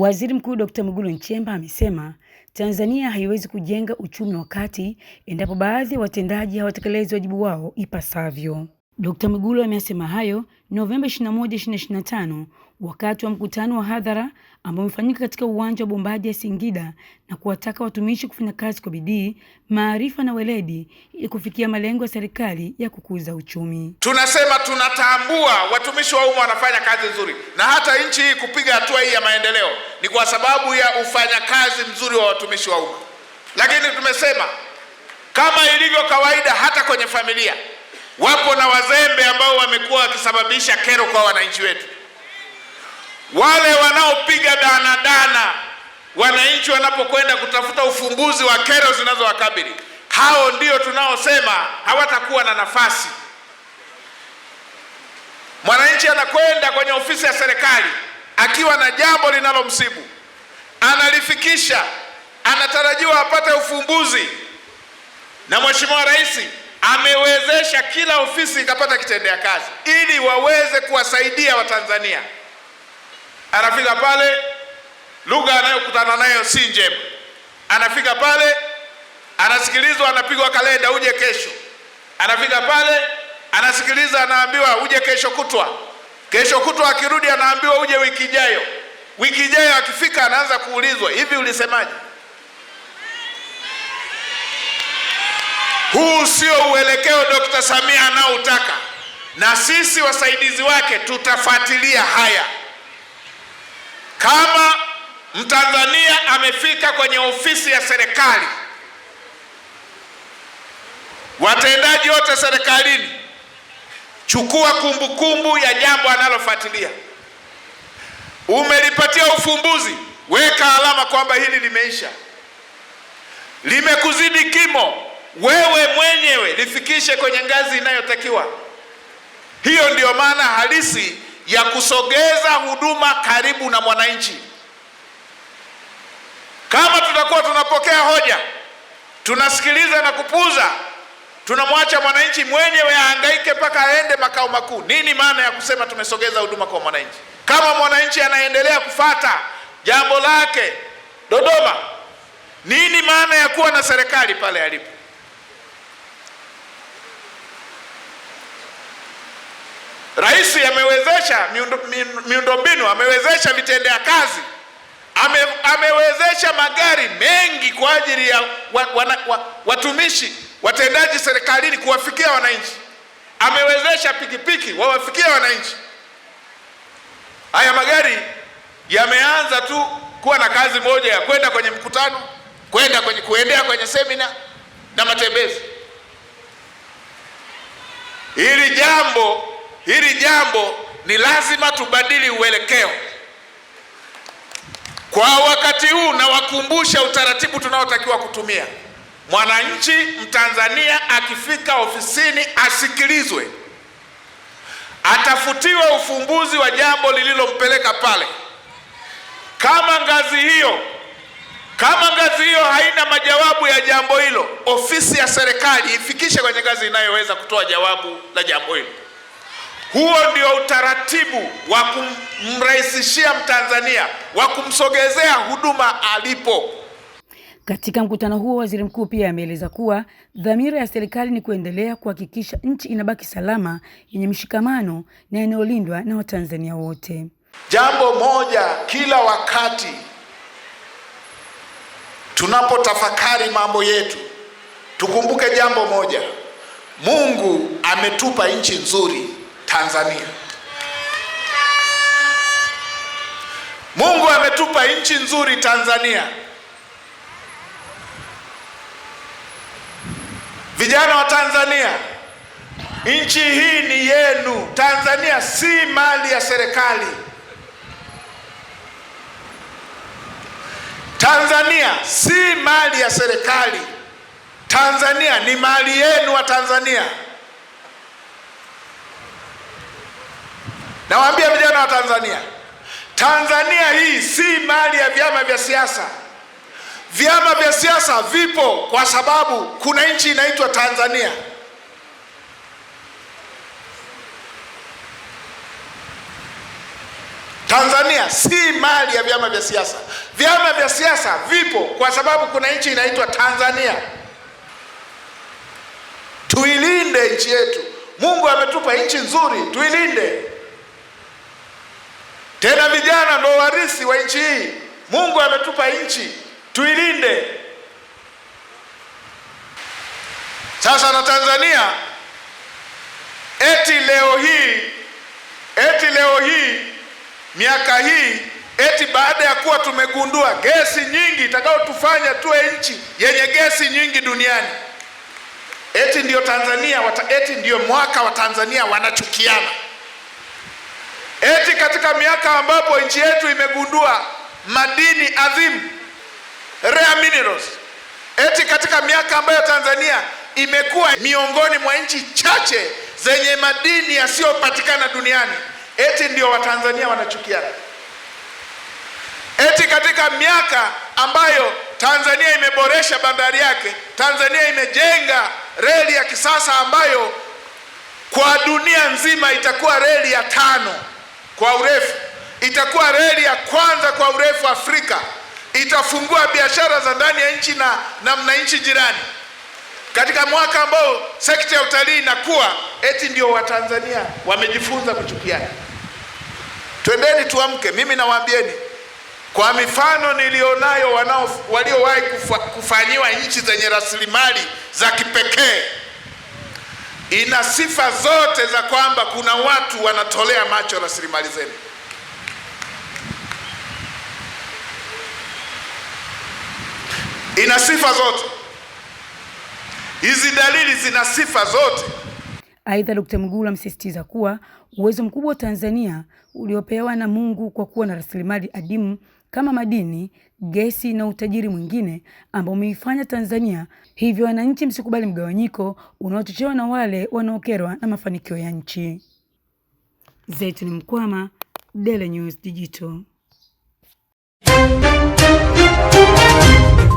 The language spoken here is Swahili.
Waziri Mkuu Dkt. Mwigulu Nchemba amesema Tanzania haiwezi kujenga uchumi wa kati endapo baadhi ya watendaji hawatekelezi wajibu wao ipasavyo. Dkt. Mwigulu amesema hayo Novemba 21, 2025 wakati wa mkutano wa hadhara ambao umefanyika katika uwanja wa ya Singida, na kuwataka watumishi kufanya kazi kwa bidii, maarifa na weledi ili kufikia malengo ya serikali ya kukuza uchumi. Tunasema tunatambua watumishi wa umma wanafanya kazi nzuri, na hata nchi hii kupiga hatua hii ya maendeleo ni kwa sababu ya ufanyakazi mzuri wa watumishi wa umma. Lakini tumesema kama ilivyo kawaida, hata kwenye familia wapo na wazembe ambao wamekuwa wakisababisha kero kwa wananchi wetu wale wanaopiga danadana wananchi wanapokwenda kutafuta ufumbuzi wa kero zinazowakabili, hao ndio tunaosema hawatakuwa na nafasi. Mwananchi anakwenda kwenye ofisi ya serikali akiwa na jambo linalomsibu, analifikisha, anatarajiwa apate ufumbuzi, na Mheshimiwa Rais amewezesha kila ofisi ikapata kitendea kazi ili waweze kuwasaidia Watanzania anafika pale, lugha anayokutana nayo si njema, anafika pale anasikilizwa, anapigwa kalenda, uje kesho. Anafika pale anasikiliza, anaambiwa uje kesho kutwa. Kesho kutwa akirudi, anaambiwa uje wiki ijayo. Wiki ijayo akifika, anaanza kuulizwa, hivi ulisemaje? Huu sio uelekeo Dokta Samia anaoutaka, na sisi wasaidizi wake tutafuatilia haya. Kama Mtanzania amefika kwenye ofisi ya serikali, watendaji wote serikalini, chukua kumbukumbu kumbu ya jambo analofuatilia. Umelipatia ufumbuzi, weka alama kwamba hili limeisha. Limekuzidi kimo, wewe mwenyewe lifikishe kwenye ngazi inayotakiwa. Hiyo ndiyo maana halisi ya kusogeza huduma karibu na mwananchi. Kama tutakuwa tunapokea hoja, tunasikiliza na kupuuza, tunamwacha mwananchi mwenyewe ahangaike mpaka aende makao makuu, nini maana ya kusema tumesogeza huduma kwa mwananchi? Kama mwananchi anaendelea kufata jambo lake Dodoma, nini maana ya kuwa na serikali pale alipo? Rais amewezesha miundombinu, amewezesha vitendea kazi, ame, amewezesha magari mengi kwa ajili ya wa, wa, wa, watumishi watendaji serikalini kuwafikia wananchi, amewezesha pikipiki wawafikia wananchi. Haya magari yameanza tu kuwa na kazi moja ya kwenda kwenye mkutano, kwenda kwenye kuendea kwenye semina na matembezi. Hili jambo hili jambo ni lazima tubadili uelekeo kwa wakati huu. Nawakumbusha utaratibu tunaotakiwa kutumia. Mwananchi Mtanzania akifika ofisini asikilizwe, atafutiwe ufumbuzi wa jambo lililompeleka pale. Kama ngazi hiyo kama ngazi hiyo haina majawabu ya jambo hilo, ofisi ya serikali ifikishe kwenye ngazi inayoweza kutoa jawabu la jambo hilo. Huo ndio utaratibu wa kumrahisishia Mtanzania wa kumsogezea huduma alipo. Katika mkutano huo, waziri mkuu pia ameeleza kuwa dhamira ya serikali ni kuendelea kuhakikisha nchi inabaki salama, yenye mshikamano na inayolindwa na Watanzania wote. Jambo moja, kila wakati tunapotafakari mambo yetu tukumbuke jambo moja, Mungu ametupa nchi nzuri Tanzania. Mungu ametupa nchi nzuri Tanzania. Vijana wa Tanzania, nchi hii ni yenu. Tanzania si mali ya serikali. Tanzania si mali ya serikali. Tanzania ni mali yenu wa Tanzania. Nawaambia vijana wa Tanzania, Tanzania hii si mali ya vyama vya siasa. Vyama vya siasa vipo kwa sababu kuna nchi inaitwa Tanzania. Tanzania si mali ya vyama vya siasa. Vyama vya siasa vipo kwa sababu kuna nchi inaitwa Tanzania. Tuilinde nchi yetu. Mungu ametupa nchi nzuri, tuilinde. Tena vijana ndio warisi wa nchi hii. Mungu ametupa nchi, tuilinde. Sasa na Tanzania eti leo hii eti leo hii miaka hii eti baada ya kuwa tumegundua gesi nyingi itakayotufanya tuwe nchi yenye gesi nyingi duniani, eti ndiyo Tanzania wata, eti ndiyo mwaka wa Tanzania wanachukiana eti katika miaka ambapo nchi yetu imegundua madini adhimu rare minerals, eti katika miaka ambayo Tanzania imekuwa miongoni mwa nchi chache zenye madini yasiyopatikana duniani, eti ndio Watanzania wanachukiana, eti katika miaka ambayo Tanzania imeboresha bandari yake, Tanzania imejenga reli ya kisasa ambayo kwa dunia nzima itakuwa reli ya tano kwa urefu, itakuwa reli ya kwanza kwa urefu Afrika. Itafungua biashara za ndani ya nchi na namna nchi jirani, katika mwaka ambao sekta ya utalii inakuwa eti ndio Watanzania wamejifunza kuchukiana. Twendeni tuamke. Mimi nawaambieni kwa mifano nilionayo, waliowahi kufanyiwa nchi zenye rasilimali za kipekee ina sifa zote za kwamba kuna watu wanatolea macho rasilimali zenu. Ina sifa zote hizi, dalili zina sifa zote. Aidha, Dkt. Mgulu amesisitiza kuwa uwezo mkubwa wa Tanzania uliopewa na Mungu kwa kuwa na rasilimali adimu kama madini, gesi na utajiri mwingine ambao umeifanya Tanzania. Hivyo wananchi, msikubali mgawanyiko unaochochewa na wale wanaokerwa na mafanikio ya nchi. Zaituni Mkwama, Daily News Digital.